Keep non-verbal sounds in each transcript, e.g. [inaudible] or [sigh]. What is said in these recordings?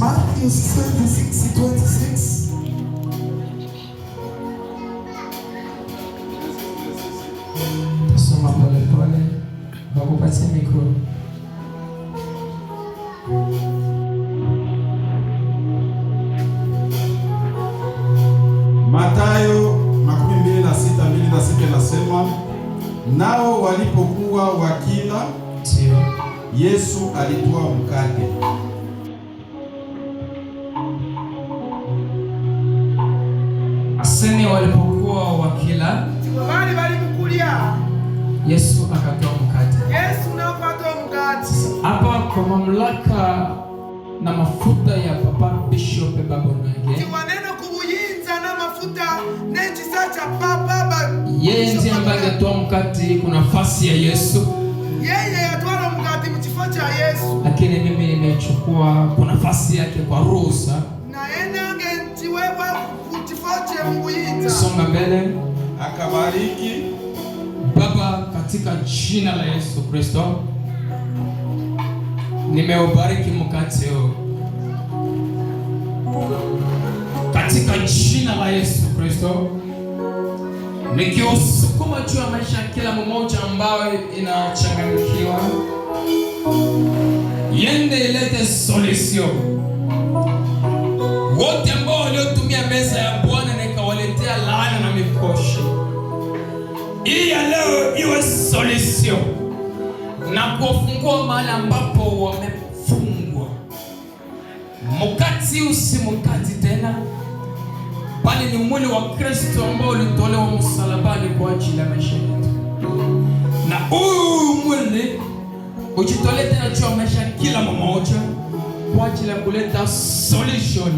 Matthew 26 26. Soma polepole, wakupatie mikro. Mathayo makumi mbili na sita mbili na sita inasema, nao walipokuwa wakila, Yesu alitwaa mkate Yesu akatoa mkate. Yesu akatoa mkate. Hapa kwa mamlaka na mafuta ya Papa Bishop Babonage. Kwa neno kubuyinza na mafuta neti sacha Papa yeye ndiye ambaye atoa mkate kwa nafasi ya Yesu. Yeye atoa mkate mchifo cha Yesu. Lakini mimi nimechukua kwa nafasi yake kwa ruhusa. Na yeye angetiwewa mchifo cha Mungu yita. Songa mbele. Akabariki katika jina la Yesu Kristo. Nimeubariki mkate huu katika jina la Yesu Kristo, nikiusukuma juu ya maisha ya kila mmoja ambayo inachanganyikiwa, yende ilete solution hii ya leo iwe solisio na kuwafungua mahali ambapo wamefungwa. Mkati usimkati tena, bali ni mwili wa Kristo ambao ulitolewa msalabani kwa ajili ya maisha yetu, na huu mwili ujitolee tena juu ya maisha kila mmoja kwa ajili ya kuleta solution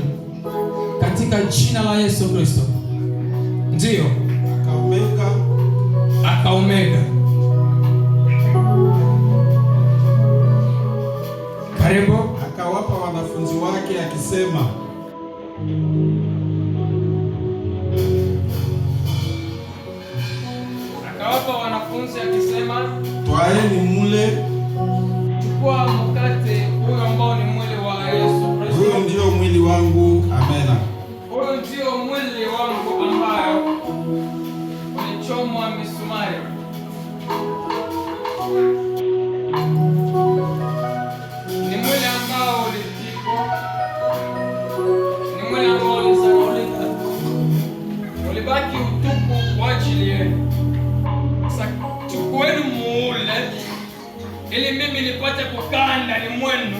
katika jina la Yesu Kristo, ndiyo. Omega. Karibu akawapa wanafunzi wake akisema, akawapa wanafunzi akisema, twaeni mule, chukua mkate mdomo wa misumari. Ni mwili ambao ulipikwa, ni mwili ambao ulisaulika, ulibaki utupu kwa ajili yenu. Chukueni muule, ili mimi nipate kukaa ndani mwenu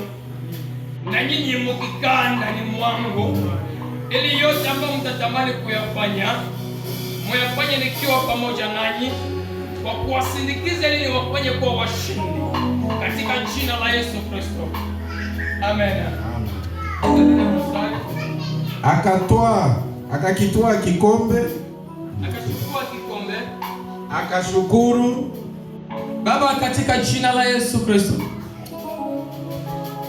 na nyinyi mukikaa ndani mwangu, ili yote ambayo mtatamani kuyafanya muyafanye nikiwa pamoja nanyi kwa kuwasindikiza ili wafanye kuwa washindi katika jina la Yesu Kristo. Amen. Akatoa, akakitoa kikombe, akachukua kikombe, akashukuru. Baba, katika jina la Yesu Kristo,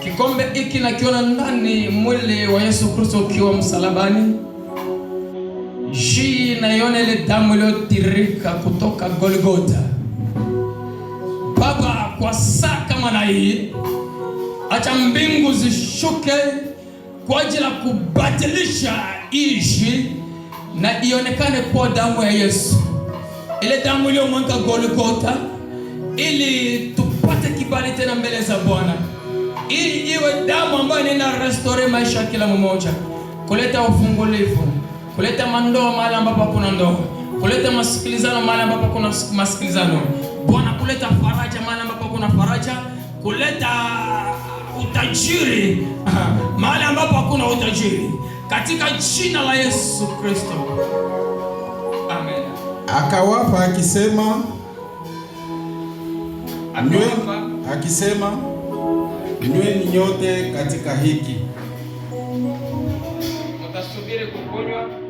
kikombe hiki nakiona ndani mwili wa Yesu Kristo ukiwa msalabani jii naiona ile damu iliyotirika kutoka Golgota. Baba, kwa saa kama na hii, acha mbingu zishuke kwa ajili ya kubatilisha ishi na ionekane kwa damu ya Yesu, ile damu iliyomwanga Golgota, ili tupate kibali tena mbele za Bwana, ili iwe damu ambayo inaenda restore maisha ya kila mmoja, kuleta ufungulivu kuleta mandoa mahali ambapo hakuna ndoa, kuleta masikilizano mahali ambapo kuna masikilizano. Bwana, kuleta faraja mahali ambapo kuna faraja, kuleta utajiri [laughs] mahali ambapo hakuna utajiri, katika jina la Yesu Kristo, amen. Akawapa akisema akisema nyweni nyote katika hiki mtasubiri kukunywa